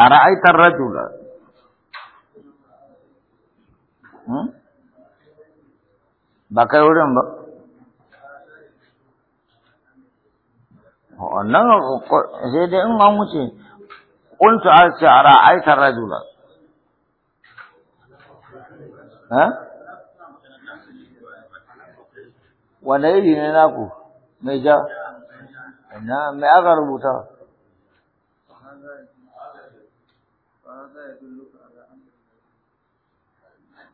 أرأيت الرجل بقى يقولون wannan sai dai in an wuce kuntu a ce a ra'aitar rajula ha naku mai ja na aka rubuta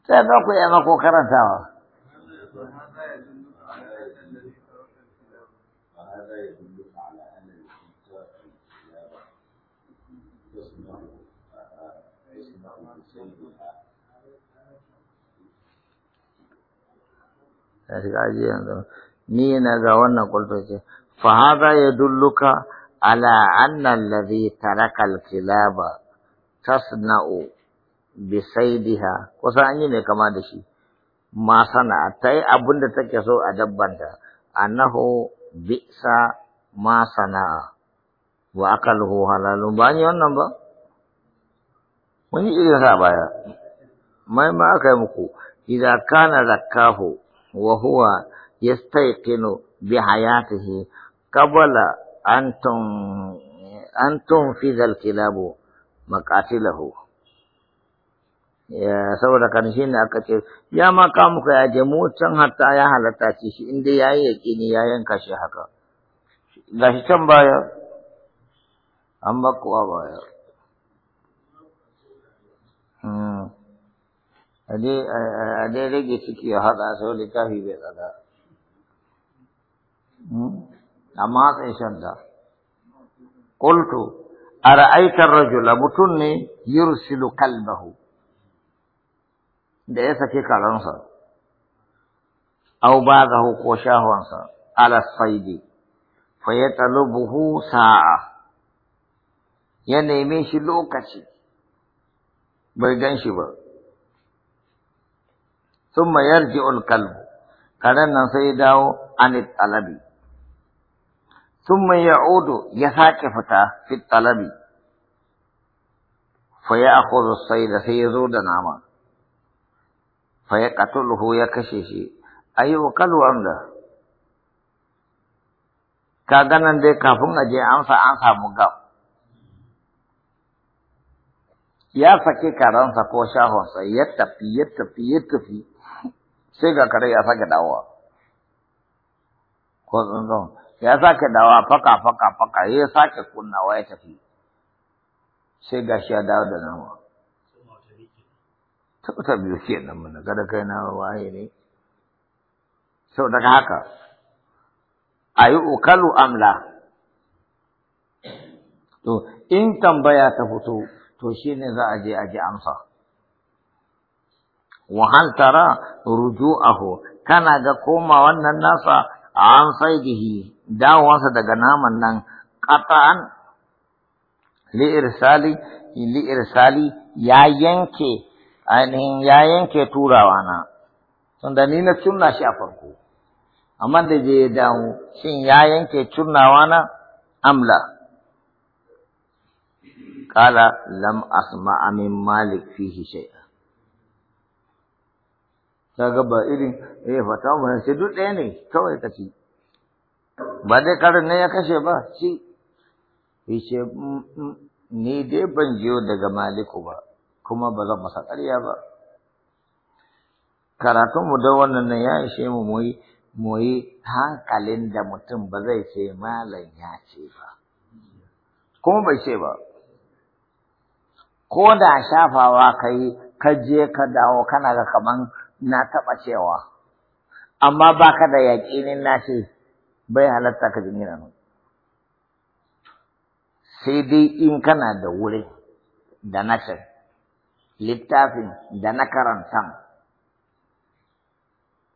sai za ku yana ko karantawa Ni na ga wannan kwalto ce, fa haza ya dulluka على أن الذي ترك الكلاب تصنع بسيدها وسأني كما دشي ما صنع تي أبند تكسو أدبنت أنه بئس ما صنع وأقله حلال باني ونبا وني إيه سابايا ما ما أكيمكو إذا كان ذكاه وهو يستيقن بحياته قبل antum fi zal kilabu مقاتله ya saboda kan shi ne aka ce ya ma ka muka ya je mu can hatta ya halatta shi shi inda yayi yaqini ya yanka shi haka shi can baya an ba kuwa baya a dai rage ciki ya haɗa sau kafi bai tsada namaz matsa shadda qultu ara'aita ar-rajula mutunni ne yursilu kalbahu da ya sake karansa aw ba'dahu ko shahwansa ala saidi fa yatalubuhu sa'a ya neme shi lokaci bai gan shi ba thumma yarji'u al-kalbu karen nan sai dawo anit alabi ثم يعود يساك فتا في الطلب فيأخذ الصيد سيزود نعمة فيقتله يكشش أي وقل عنده kaga nan dai kafin a je an samu gab ya saki karansa ko shahonsa ya tafi ya tafi ya tafi sai ga kare ya sake dawowa ko tsuntsun ya sake dawa faka faka faka ya sake kunnawa ya tafi sai gashi ya dawo da nama tabbata biyu nan mana kada kai na waye ne sau daga haka a yi ukalu amla To, in tambaya ta fito, to shi ne za a je a ji amsa. Wahal tara ruju'ahu, kana ga koma wannan nasa an saidihi dawowarsa daga naman nan ƙata'an li'irsali li'irsali ya yanke ainihin ya yanke turawa na tunda ni na cunna shi a farko amma da je ya dawo shin ya yanke cunnawa na amla Kala lam asma amin malik fihi shay'a kaga ba irin eh fatawa sai duk ɗaya ne kawai kaci ba dai karin ne ya kashe ba shi yace mm, mm, ni dai ban jiyo daga maliku ba kuma ba zan masa ƙarya ba karatunmu da wannan nan ya ishe mu muyi hankalin da mutum ba zai ce malam ya ce ba kuma bai ce ba ko da shafawa ka yi ka je ka dawo kana ga kaman na taɓa cewa amma ba ka da yaƙinin na bai halatta ka jini nan sai dai in kana da wuri da nashin littafin da na karantan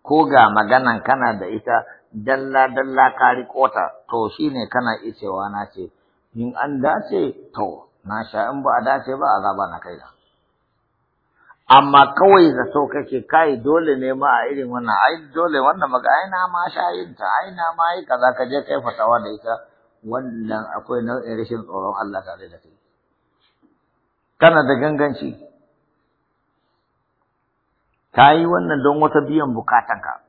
ko ga maganan kana da ita dalla-dalla ka riƙota to shine kana icewa na ce in an dace to na sha in ba a dace ba a zaba na kai da. amma kawai ka so kake kai dole ne ma a irin wannan ai dole wannan maka ai na ma shayin ta ai na ma yi kaza ka je kai fatawa da ita wannan akwai nau'in rashin tsoron Allah tare da kai kana da ganganci ka yi wannan don wata biyan bukatanka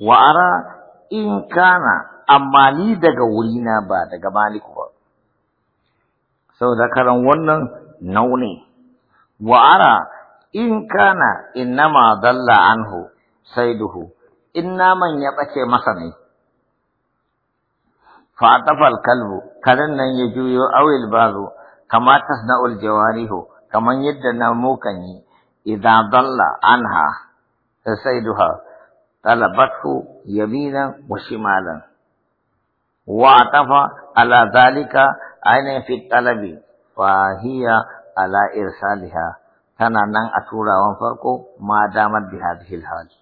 Wa'ara ara in kana amma ni daga wurina ba daga maliku ba saboda karan wannan nauni wa'ara in kana innama dalla anhu saiduhu in naman ya ɓace masa ne fatafal kalbu karen nan ya juyo awil bazo kama tasna'ul jawarihu kaman yadda na kan yi idza dalla anha saiduha talabatu, yamina wa shimalan wa atafa ala zalika ainihin fi talabi fa hiya ala Saliha tana nan a turawan farko ma damar bi hadhihi hali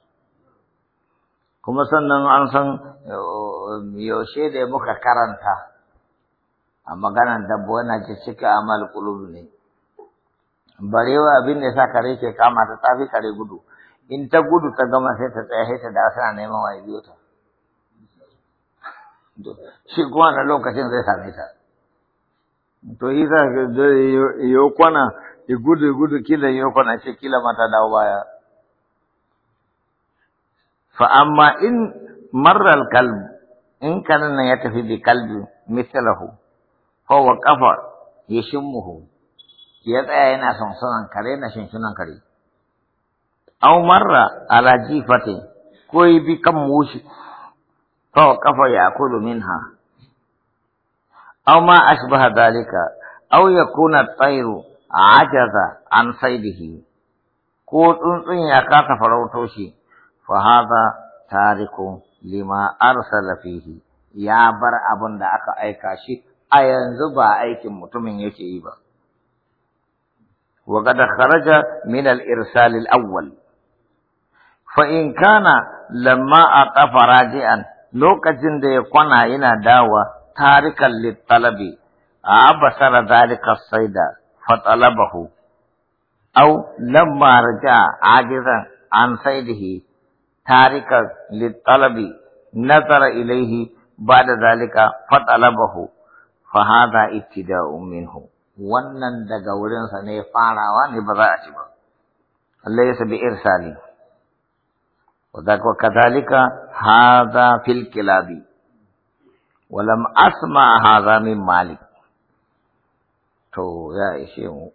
kuma sannan an san eh, yaushe da muka karanta a maganan dabbo yana ce cika amal ne barewa abin da sa kare ke kama ta tafi kare gudu in ta gudu ta gama sai ta tsaya sai ta da asana neman wa biyo ta shi kuma na lokacin zai same ta to yi yau yo kwana ya gudu gudu kila yo kwana ce kila mata dawo baya fa amma in marar kalb in kanan nan ya tafi bi kalbi misalahu fa wa kafa ya muhu ya tsaya yana sonsonan kare yana sunan kare au marra ala jifati ko yi bi kan mushi fa wa kafa ya kulu minha أو ما أشبه ذلك أو يكون الطير عجز عن shi, ko tsuntsun ya kasa farauto shi fa hadha tariku lima arsala fihi ya bar abin da aka aika shi a yanzu ba aikin mutumin yake yi ba wa qad kharaja min al awwal fa in kana lamma atafa raji'an lokacin da ya kwana yana dawa تاركا للطلب عبصر ذلك الصيد فطلبه أو لما رجع عاجزا عن صيده تاركا للطلب نظر إليه بعد ذلك فطلبه فهذا ابتداء منه wannan daga wurinsa ne farawa ne ba za a ci ba laysa bi irsali wa kadhalika hadha fil kilabi walam asma hadha min malik to ya ishe mu